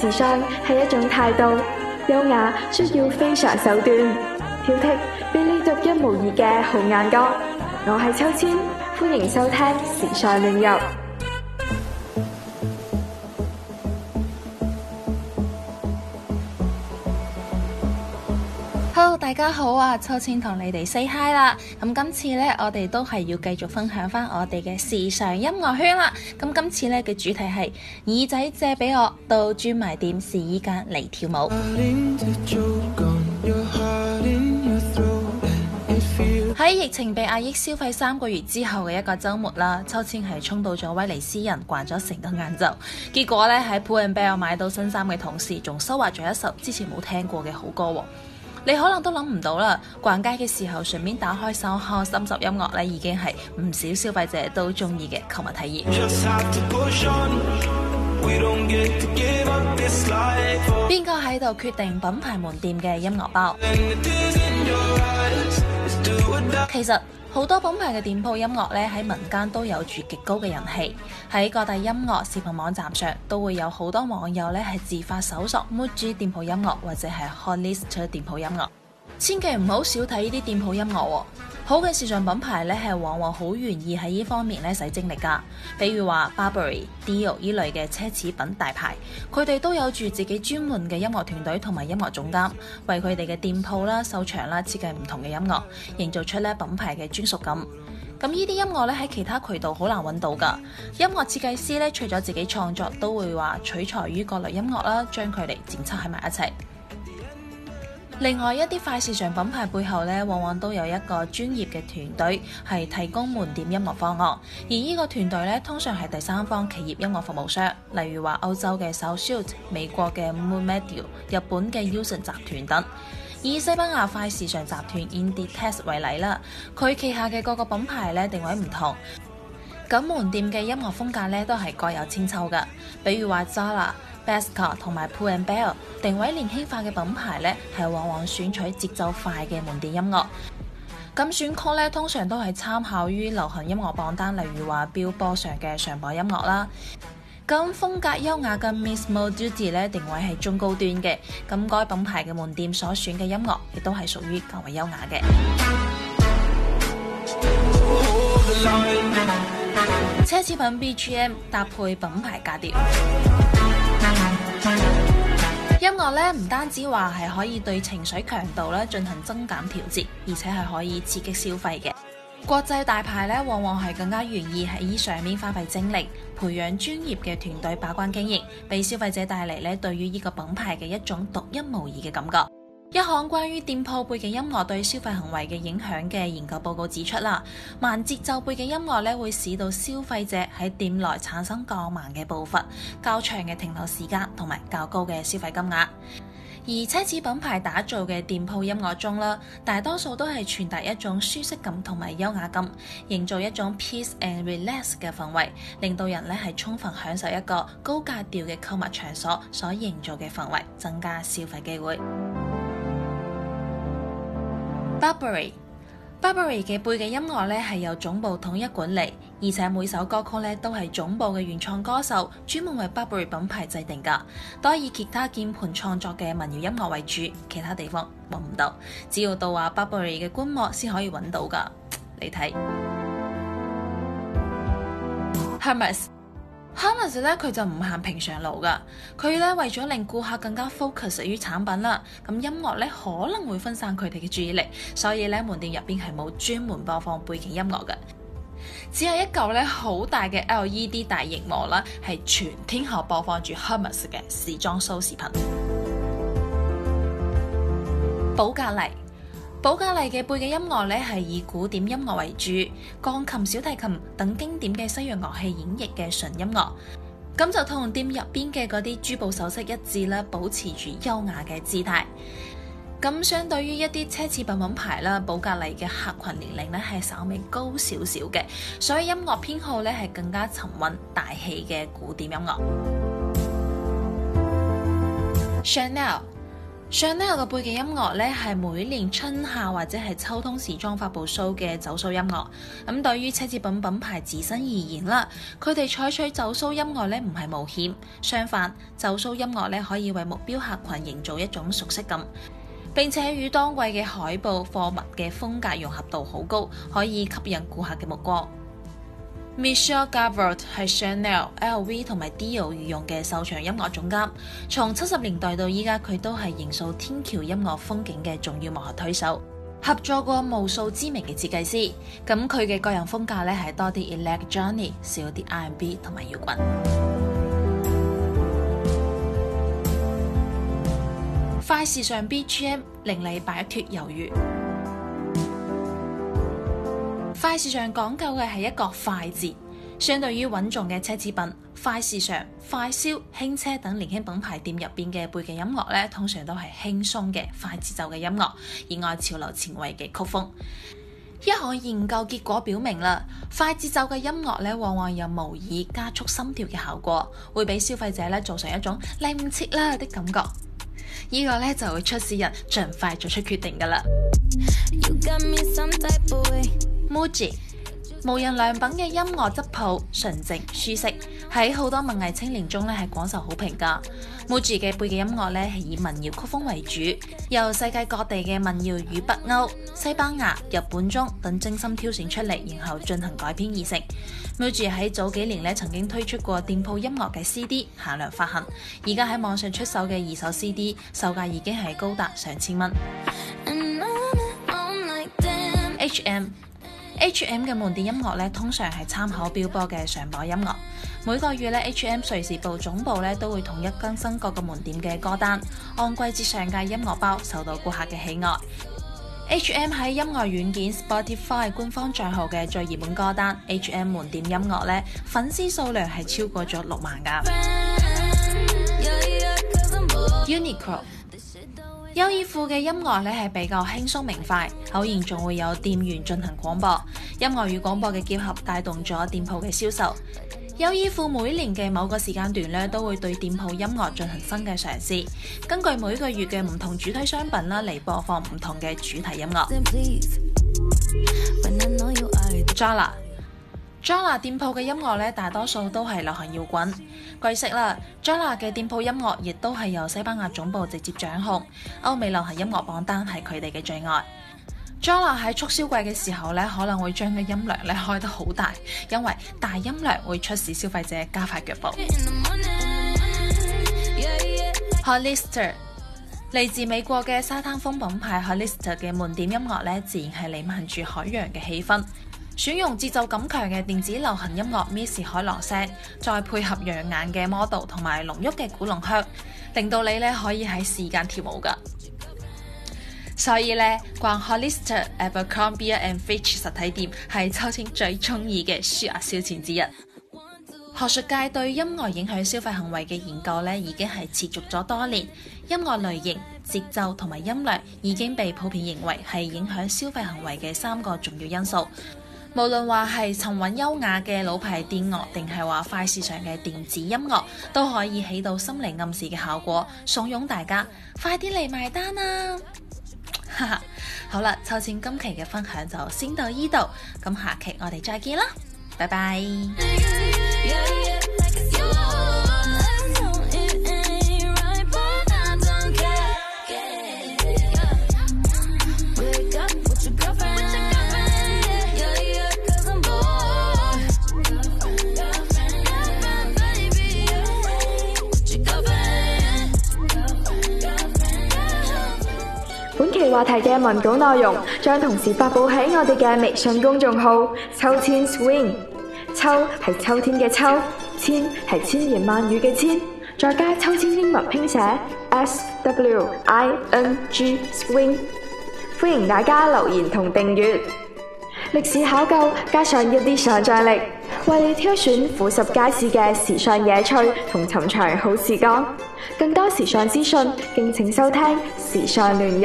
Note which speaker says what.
Speaker 1: 時尚係一種態度，優雅需要非常手段，挑剔俾你獨一無二嘅好眼光。我係秋千，歡迎收聽時尚亂入。Hello 大家好啊！秋千同你哋 say hi 啦。咁今次呢，我哋都係要繼續分享翻我哋嘅時尚音樂圈啦。咁今次呢，嘅主題係耳仔借俾我，到專賣店試衣間嚟跳舞。喺疫情被壓抑消費三個月之後嘅一個周末啦，秋千係衝到咗威尼斯人逛咗成個晏晝，結果呢，喺 Pull and Bear 買到新衫嘅同時，仲收穫咗一首之前冇聽過嘅好歌。你可能都諗唔到啦，逛街嘅時候順便打開手機，深集音樂咧，已經係唔少消費者都中意嘅購物體驗。邊個喺度決定品牌門店嘅音樂包音樂？其實，好多品牌嘅店鋪音樂咧，喺民間都有住極高嘅人氣，喺各大音樂視頻網站上都會有好多網友咧係自發搜索 MUJI 店鋪音樂或者係 Hollister 店鋪音樂。千祈唔好少睇呢啲店鋪音樂。哦，好嘅時尚品牌咧係往往好願意喺呢方面咧使精力噶。比如話 Burberry、Dior 依類嘅奢侈品大牌，佢哋都有住自己專門嘅音樂團隊同埋音樂總監，為佢哋嘅店鋪啦、秀場啦設計唔同嘅音樂，營造出咧品牌嘅專屬感。咁呢啲音樂咧喺其他渠道好難揾到噶。音樂設計師咧除咗自己創作，都會話取材於各類音樂啦，將佢哋剪輯喺埋一齊。另外一啲快時尚品牌背後呢，往往都有一個專業嘅團隊，係提供門店音樂方案。而呢個團隊呢，通常係第三方企業音樂服務商，例如話歐洲嘅 Sound Suit、美國嘅 MOOD MEDIA、日本嘅 USEN 集團等。以西班牙快時尚集團 Inditex 為例啦，佢旗下嘅各個品牌呢，定位唔同，咁門店嘅音樂風格呢，都係各有千秋嘅。比如話 Zara。Bershka 同埋 Pull and Bear 定位年輕化嘅品牌呢係往往選取節奏快嘅門店音樂。咁選曲呢，通常都係參考於流行音樂榜單，例如話 Billboard 上嘅上榜音樂啦。咁風格優雅嘅 Massimo Dutti 咧，定位係中高端嘅。咁該品牌嘅門店所選嘅音樂，亦都係屬於較為優雅嘅。 奢侈品 BGM 搭配品牌格調。 音樂咧唔單止話係可以對情緒強度咧進行增減調節，而且係可以刺激消費嘅。國際大牌咧，往往係更加願意喺依上面花費精力，培養專業嘅團隊把關經營，俾消費者帶嚟咧對於呢個品牌嘅一種獨一無二嘅感覺。一項關於店鋪背景音樂對消費行為嘅影響嘅研究報告指出啦，慢節奏背景音樂咧會使到消費者喺店內產生較慢嘅步伐、較長嘅停留時間同埋較高嘅消費金額。而奢侈品牌打造嘅店鋪音樂中啦，大多數都係傳達一種舒適感同埋優雅感，營造一種 peace and relax 嘅氛圍，令到人咧係充分享受一個高格調嘅購物場所所營造嘅氛圍，增加消費機會。Burberry，Burberry 嘅背景音樂咧係由總部統一管理，而且每首歌曲咧都係總部嘅原創歌手專門為 Burberry 品牌制定噶，多以吉他、鍵盤創作嘅民謠音樂為主，其他地方搵唔到，只要到話 Burberry 嘅官網先可以搵到噶，你睇。 Hermes 呢，佢就唔行平常路㗎，佢呢，為咗令顧客更加 focus 於產品啦，咁音樂呢可能會分散佢哋嘅注意力，所以呢，門店入邊係冇專門播放背景音樂嘅，只有一嚿呢好大嘅 LED 大熒幕啦，係全天候播放住 Hermes 嘅時裝 show 視頻。寶格麗。寶格麗嘅背景音樂咧係以古典音樂為主，鋼琴、小提琴等經典嘅西洋樂器演繹嘅純音樂，咁就同店入邊嘅嗰啲珠寶首飾一致啦，保持住優雅嘅姿態。咁相對於一啲奢侈品品牌啦，寶格麗嘅客群年齡咧係稍微高少少嘅，所以音樂偏好咧係更加沉穩大氣嘅古典音樂。Chanel。上呢我嘅背景音樂咧，係每年春夏或者係秋冬時裝發佈 show 嘅走秀音樂。咁對於奢侈品品牌自身而言啦，佢哋採取走秀音樂咧，唔係冒險，相反，走秀音樂咧可以為目標客群營造一種熟悉感，並且與當季嘅海報、貨物嘅風格融合度好高，可以吸引顧客嘅目光。Michelle Gabor 是 Chanel、LV 同埋 Dior 御用嘅秀場音樂總監，從七十年代到依家，佢都係營造天橋音樂風景嘅重要幕後推手，合作過無數知名嘅設計師。咁佢嘅個人風格咧係多啲 electronic，少啲 R&B 同埋搖滾。快時尚 BGM 令你擺脫猶豫。快時尚講究嘅係一個快字，相對於穩重嘅奢侈品、快時尚、快消、輕奢等年輕品牌店入邊嘅背景音樂呢，通常都係輕鬆嘅快節奏嘅音樂，以外潮流前衛嘅曲風。一項研究結果表明啦，快節奏嘅音樂呢，往往有模擬加速心跳嘅效果，會俾消費者呢造成一種嚟唔切啦的感覺。呢個呢，就會促使人盡快做出決定噶啦。MUJI 無印良品嘅音樂質樸，純淨舒適，喺好多文藝青年中咧係廣受好評噶。MUJI 嘅背景音樂呢，係以民謠曲風為主，由世界各地嘅民謠如北歐、西班牙、日本中等精心挑選出嚟，然後進行改編而成。MUJI 喺早幾年咧曾經推出過店鋪音樂嘅 CD 限量發行，而家喺網上出售嘅二手 CD 售價已經係高達上千蚊。HM H&M 嘅門店音樂咧，通常係參考 Billboard 嘅上榜音樂。每個月咧，H&M 瑞士部總部咧都會統一更新各個門店嘅歌單，按季節上嘅音樂包受到顧客嘅喜愛。H&M 喺音樂軟件 Spotify 官方賬號嘅最熱門歌單 H&M 門店音樂咧，粉絲數量係超過咗六萬噶。優衣庫嘅音樂咧係比較輕鬆明快，偶然仲會有店員進行廣播，音樂與廣播嘅結合帶動咗店鋪嘅銷售。優衣庫每年嘅某個時間段咧都會對店鋪音樂進行新嘅嘗試，根據每個月嘅唔同主題商品啦嚟，播放唔同嘅主題音樂。Zara 店鋪嘅音樂咧，大多數都係流行搖滾。據悉啦 Zara 嘅店鋪音樂亦都係由西班牙總部直接掌控。歐美流行音樂榜單係佢哋嘅最愛。Zara 喺促銷季嘅時候咧，可能會將嘅音量咧開得好大，因為大音量會促使消費者加快腳步。Yeah, yeah, like、Hollister 嚟自美國嘅沙灘風品牌 Hollister 嘅門店音樂咧，自然係彌漫住海洋嘅氣氛。選用節奏感強嘅電子流行音樂《Miss 海浪聲》，再配合養眼嘅 model 同埋濃郁嘅古龍香，令到你咧可以喺時間跳舞噶。所以咧逛 Hollister、Abercrombie and Fitch 實體店係秋千最中意嘅舒壓消遣之一。學術界對音樂影響消費行為嘅研究咧，已經係持續咗多年。音樂類型、節奏同埋音量已經被普遍認為係影響消費行為嘅三個重要因素。無論話係沉穩優雅嘅老牌電樂，定係話快時尚嘅電子音樂，都可以起到心靈暗示嘅效果，慫恿大家快啲嚟埋單啊！哈哈，好啦，秋 千今期嘅分享就先到呢度，咁下期我哋再見啦，拜拜。Yeah, yeah, yeah, like 本期話題嘅文稿內容將同時發佈喺我哋嘅微信公眾號秋千 swing，秋係秋天嘅秋，千係千言萬語嘅千，再加秋千英文拼寫 s w i n g swing，歡迎大家留言同訂閱。歷史考究加上一啲想象力，為你挑選富實街市嘅時尚野趣同尋常好時光。更多時尚資訊，敬請收聽《時尚亂入》。